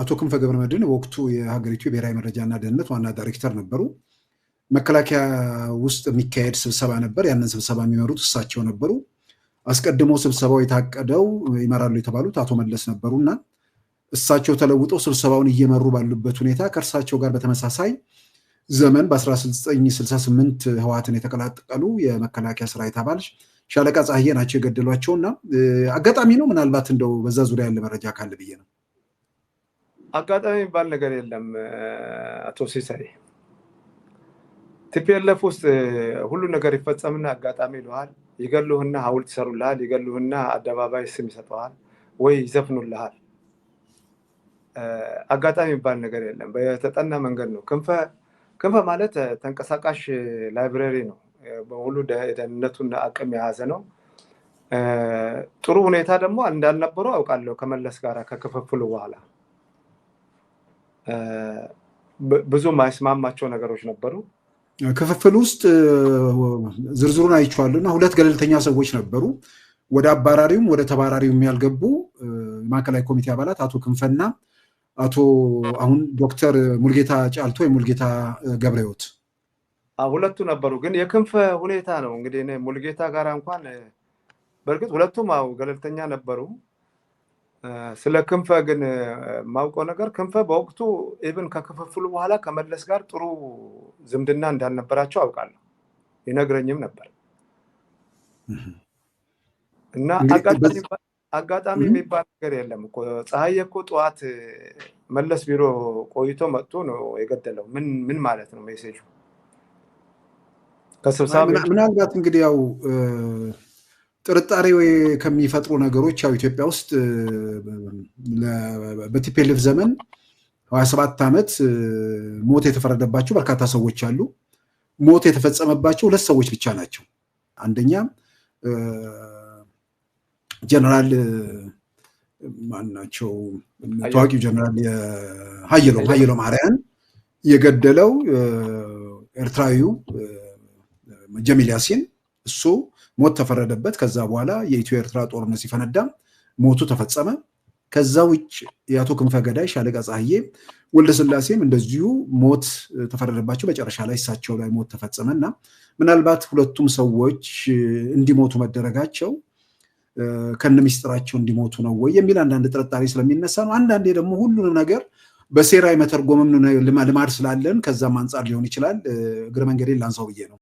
አቶ ክንፈ ገብረ መድን ወቅቱ የሀገሪቱ የብሔራዊ መረጃና ደህንነት ዋና ዳይሬክተር ነበሩ። መከላከያ ውስጥ የሚካሄድ ስብሰባ ነበር። ያንን ስብሰባ የሚመሩት እሳቸው ነበሩ። አስቀድሞ ስብሰባው የታቀደው ይመራሉ የተባሉት አቶ መለስ ነበሩ እና እሳቸው ተለውጠው ስብሰባውን እየመሩ ባሉበት ሁኔታ ከእርሳቸው ጋር በተመሳሳይ ዘመን በ1968 ህወሓትን የተቀላቀሉ የመከላከያ ሰራዊት አባል ሻለቃ ፀሐዬ ናቸው የገደሏቸው እና አጋጣሚ ነው። ምናልባት እንደው በዛ ዙሪያ ያለ መረጃ ካለ ብዬ ነው። አጋጣሚ የሚባል ነገር የለም። አቶ ሲሳይ ቲፒኤልኤፍ ውስጥ ሁሉ ነገር ይፈጸምና አጋጣሚ ይለዋል ይገሉህና ሀውልት ይሰሩልሃል። ይገሉህና አደባባይ ስም ይሰጠዋል ወይ ይዘፍኑልሃል። አጋጣሚ የሚባል ነገር የለም። በተጠና መንገድ ነው። ክንፈ ማለት ተንቀሳቃሽ ላይብረሪ ነው። በሁሉ የደህንነቱን አቅም የያዘ ነው። ጥሩ ሁኔታ ደግሞ እንዳልነበሩ አውቃለሁ ከመለስ ጋር ከክፍፍሉ በኋላ ብዙ ማይስማማቸው ነገሮች ነበሩ። ክፍፍል ውስጥ ዝርዝሩን አይቼዋለሁ እና ሁለት ገለልተኛ ሰዎች ነበሩ። ወደ አባራሪውም ወደ ተባራሪውም ያልገቡ የማዕከላዊ ኮሚቴ አባላት አቶ ክንፈና አቶ አሁን ዶክተር ሙልጌታ ጫልቶ ወይ ሙልጌታ ገብረሕይወት ሁለቱ ነበሩ። ግን የክንፍ ሁኔታ ነው እንግዲህ ሙልጌታ ጋር እንኳን በእርግጥ ሁለቱም ገለልተኛ ነበሩ። ስለ ክንፈ ግን የማውቀው ነገር ክንፈ በወቅቱ ኢብን ከክፍፍሉ በኋላ ከመለስ ጋር ጥሩ ዝምድና እንዳልነበራቸው አውቃለሁ። ይነግረኝም ነበር እና አጋጣሚ የሚባል ነገር የለም እኮ ፀሐዬ እኮ ጠዋት መለስ ቢሮ ቆይቶ መጥቶ ነው የገደለው። ምን ማለት ነው ሜሴጁ ከስብሰባ ምናልባት እንግዲህ ያው ጥርጣሬ ከሚፈጥሩ ነገሮች ያው ኢትዮጵያ ውስጥ በቲፔልፍ ዘመን ሀያ ሰባት ዓመት ሞት የተፈረደባቸው በርካታ ሰዎች አሉ። ሞት የተፈጸመባቸው ሁለት ሰዎች ብቻ ናቸው። አንደኛ ጀነራል ማናቸው ታዋቂው ጀነራል ሀየሎም ሀየሎ ማርያን የገደለው ኤርትራዊው ጀሚል ያሲን እሱ ሞት ተፈረደበት። ከዛ በኋላ የኢትዮ ኤርትራ ጦርነት ሲፈነዳ ሞቱ ተፈጸመ። ከዛ ውጭ የአቶ ክንፈ ገዳይ ሻለቃ ወልደ ስላሴም እንደዚሁ ሞት ተፈረደባቸው። መጨረሻ ላይ እሳቸው ላይ ሞት ተፈጸመ እና ምናልባት ሁለቱም ሰዎች እንዲሞቱ መደረጋቸው ከነ ሚስጥራቸው እንዲሞቱ ነው ወይ የሚል አንዳንድ ጥርጣሬ ስለሚነሳ ነው። አንዳንዴ ደግሞ ሁሉንም ነገር በሴራ የመተርጎምም ልማድ ስላለን ከዛም አንጻር ሊሆን ይችላል። እግረ መንገዴን ላንሳው ብዬ ነው።